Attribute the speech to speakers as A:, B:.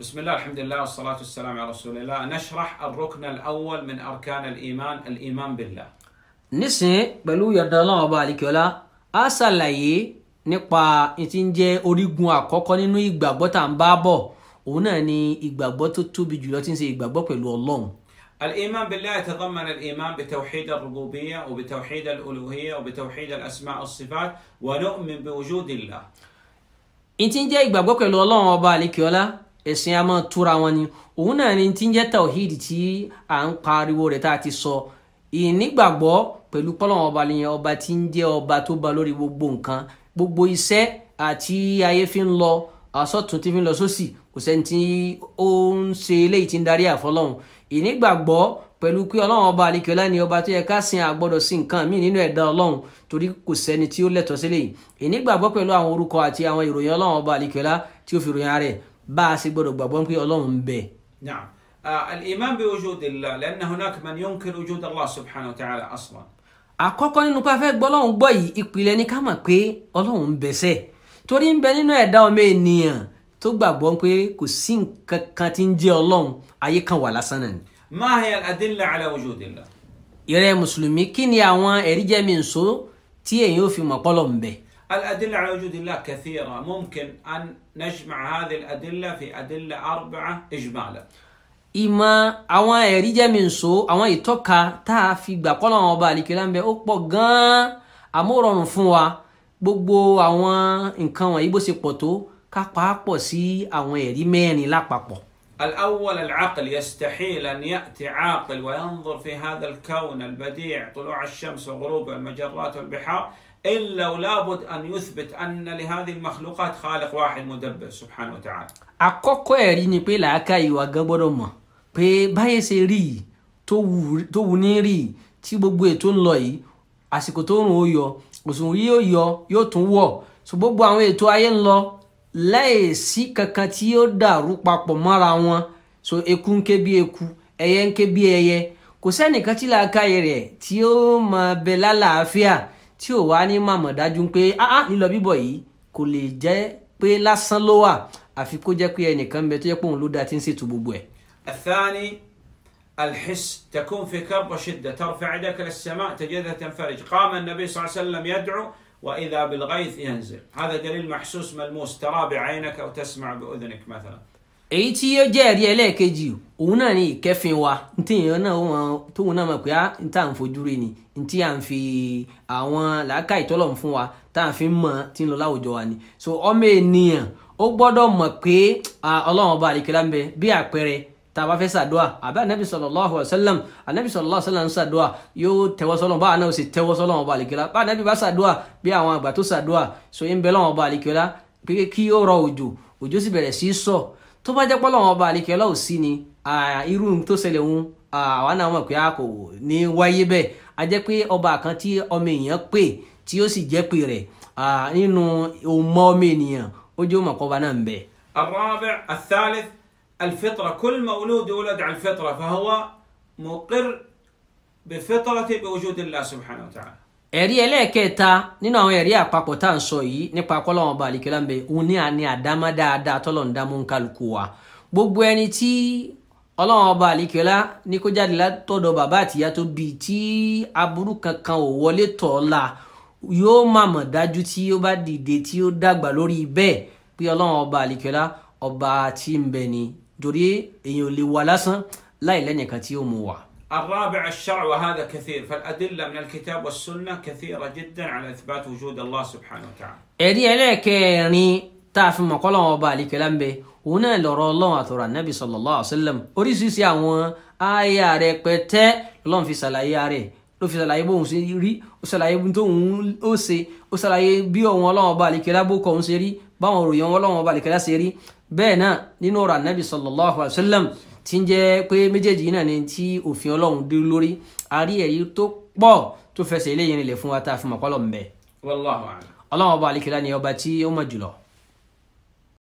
A: بسم الله الحمد لله والصلاة والسلام على رسول الله نشرح الركن الأول من أركان الإيمان الإيمان بالله
B: نسي بلو yọ̀dọ̀ ọlọ́run ọba àlìkíọ́lá a ṣàlàyé nípa ti ń jẹ́ orígun àkọ́kọ́ nínú ìgbàgbọ́ tá à ń bá bọ̀ òun الله
A: الإيمان بالله يتضمن الإيمان بتوحيد الربوبية وبتوحيد الألوهية وبتوحيد الأسماء والصفات ونؤمن بوجود الله.
B: ìtí ń jẹ́ الله pẹ̀lú ولا ẹ̀sìn a máa túra wọn ni òun náà ni ti ń jẹ́ tawhid tí à ń pariwo rẹ̀ tá a ti sọ ìnígbàgbọ́ pẹ̀lú pọ́lọ́wọ́n ọba lèyẹn ọba tí ń jẹ́ ọba tó ba lórí gbogbo nǹkan gbogbo iṣẹ́ àti ayé fi ń lọ àsọ̀tún tí fi ń lọ sósì kò sẹ́ni tí ó ń ṣe eléyìí tí ń darí àfọlọ́hún ìnígbàgbọ́ pẹ̀lú pé ọlọ́run ọba àlekèọ́lá ni ọba tó yẹ ká sin àgbọ́dọ̀ sí nǹkan míì nínú ẹ̀dá ọlọ́run torí kò sẹ́ni tí ó lẹ́tọ̀ọ́ sílẹ̀ yìí ìnígbàgbọ́ pẹ̀lú àwọn orúkọ àti àwọn ìròyìn ọlọ́run ọba àlekèọ́lá tí ó fi ròyìn ara rẹ̀ bá a ṣe gbọ́dọ̀ gbàgbọ́ pé ọlọ́run ń bẹ.
A: Ah, al-iman bi wujud Allah li'anna hunaka man yunkir wujud
B: Allah subhanahu wa ta'ala aslan. àkọ́kọ́ nínú pé a fẹ́ gbọ́ ọlọ́run gbọ́ yìí ìpìlẹ̀ ni ká mọ̀ pé ọlọ́run ń bẹ sẹ́ torí ń bẹ nínú ẹ̀dá ọmọ ènìyàn tó gbàgbọ́ pé kò sí nǹkan kan tí ń jẹ́ ọlọ́run ayé kan wà lásán náà ni.
A: ma hiya al-adilla ala wujud
B: Allah. mùsùlùmí kí ni àwọn ẹ̀rí jẹ́mi nsó tí èyí ò fi mọ̀ pọ́lọ̀ ń
A: الأدلة على وجود الله كثيرة ممكن أن نجمع هذه الأدلة في أدلة أربعة إجمالا
B: ìmọ̀ àwọn ẹ̀rí jẹ́mìíso àwọn ìtọ́ka tá a fi gbà kọ́ làwọn ọba àlìkèlá ń bẹ ó pọ̀ gan-an àmúrọ̀rùn fún wa gbogbo àwọn nǹkan wọ̀nyí bó ṣe pọ̀ tó ká pàápọ̀ sí àwọn ẹ̀rí mẹ́rin lápapọ̀.
A: الأول العقل يستحيل أن يأتي عاقل وينظر في هذا الكون البديع طلوع الشمس وغروب المجرات والبحار إلا ولابد أن يثبت أن لهذه المخلوقات خالق واحد مدبر سبحانه وتعالى
B: àkọ́kọ́ ẹ̀rí ni pé làákàyè wa gan gbọ́dọ̀ mọ̀ pé báyẹn ṣe rí i tó wù ní rí i tí gbogbo ètò ń lọ yìí àsìkò tó rùn ó yọ òṣùwọ̀n yóò yọ yóò tún wọ̀ so gbogbo àwọn ètò ayé ń lọ láì sí kankan tí yóò dàrú papọ̀ mọ́ra wọn so eku ń ké bí eku ẹyẹ ń ké bí ẹyẹ kò sẹ́nìkan tí làákàyè rẹ̀ tí ó máa bẹ lálàáfíà la tí ò wá ní ma mo dájú pé ni lo bíbọ̀ yìí kò lè jẹ́ pé lásán ló wà àfi kó jẹ́ pé ẹnìkan bẹ tó jẹ́ pé on ló da tin se tu gbogbo ẹ̀.
A: athani الحس تكون في كرب وشدة ترفع يدك للسماء تجدها تنفرج قام النبي صلى الله عليه وسلم يدعو وإذا بالغيث ينزل هذا دليل محسوس ملموس ترى بعينك أو تسمع بأذنك مثلا
B: èyí tí ó jẹ́ ẹ̀rí ẹlẹ́ẹ̀kejì òun náà ni ìkẹ́fin wa ntìyàn náà wọn tóun náà mọ̀ pé ah, à ń tà ń fojú rè ni ntí à ń fi àwọn làákà ìtọ́lọ̀ fún wa tá à ń fi mọ̀ tí ń lọ láwùjọ wa ni so ọmọ ènìyàn ó gbọ́dọ̀ mọ̀ pé ah, ọlọ́run ọba àlìkẹ́lá ń bẹ bí àpẹẹrẹ tá a bá fẹ́ sàdúà àbí anabi sallallahu alayhi wa sallam anabi sallallahu alayhi sallam sàdúà yóò tẹ̀wọ́ sọ́lọ́ bá anabi sì tẹ̀wọ́ sọ́lọ́ ọba àlìkẹ́lá bá anabi bá sàdúà bí àwọn àgbà tó sàdúà so ń bẹ lọ́wọ́ ọba àlìkẹ́lá pé kí ó rọ òjò òjò sì bẹ̀rẹ̀ sí sọ̀ tó bá jẹ́ pé Ọlọ́run ọba àlekè ọlọ́run sí ni irú tó ṣẹlẹ̀ òun àwa náà mọ̀ pé a kò ní wáyé bẹ́ẹ̀ a jẹ́ pé ọba kan tí ọmọ èèyàn pè tí ó sì jẹ́ pè rẹ̀ nínú ọmọ ọmọ ènìyàn ó jẹ́ òmò kọ́ba náà ń bẹ.
A: الرابع الثالث الفطرة كل مولود يولد على الفطرة فهو مقر بفطرته بوجود الله سبحانه وتعالى
B: ẹ̀rí ẹlẹ́ẹ̀kẹta nínú àwọn ẹ̀rí àpapọ̀ tá à ń sọ yìí nípa kọ́lọ́wọ́n ọba àlìkẹ́lá ń bẹ òun ní àní àdámá dáadáa tọ́lọ̀ ń dámú kálukú wa gbogbo ẹni tí ọlọ́wọ́n ọba àlìkẹ́lá ní kó jáde látọ̀dọ̀ bàbá àtìyá tó bí tí aburú kankan ò wọlé tọ̀ la yóò má mọ̀ dájú tí ó bá dìde tí ó dàgbà lórí bẹ́ẹ̀ pé ọlọ́run ọba àlìkẹ́lá ọba tí ń bẹ ni torí èèyàn ò lè wà lásán láì lẹ́nìkan tí ó mú wà.
A: الرابع الشرع وهذا كثير فالأدلة من الكتاب والسنة كثيرة جدا على إثبات وجود الله سبحانه
B: وتعالى ẹ̀rí ẹlẹ́ẹ̀kẹrin tá a fi mọ̀ kọ́lọ́ ọba àlìkẹ́lá ń bẹ òun náà lọ́rọ̀ ọlọ́run àtọ̀rọ̀ ànábì sallallahu alaihi wasallam oríṣiríṣi àwọn àyà rẹ̀ pẹ́tẹ́ lọ́n fi ṣàlàyé rẹ̀ ló fi ṣàlàyé bóun ṣe rí ó ṣàlàyé tó òun ó ṣe ó ṣàlàyé bí ọ̀hún ọlọ́run ọba àlìkẹ́lá bó kọ̀ òun ṣe rí báwọn òròyìn ọlọ́run ọba àlìkẹ́lá ṣe rí bẹ́ẹ̀ náà nínú ọ̀rọ̀ ànábì sallallahu alaihi wasallam tí ń jẹ́ pé méjèèjì náà ni tí òfin ọlọ́run dé lórí a rí ẹ̀rí tó pọ̀ tó fẹsẹ̀ eléyìí nílẹ̀ fún wa tá a fi mọ̀ pọ́lọ̀ mbẹ́. ọlọ́run ọba àlekèlá ni ọba tí ó mọ̀ jùlọ.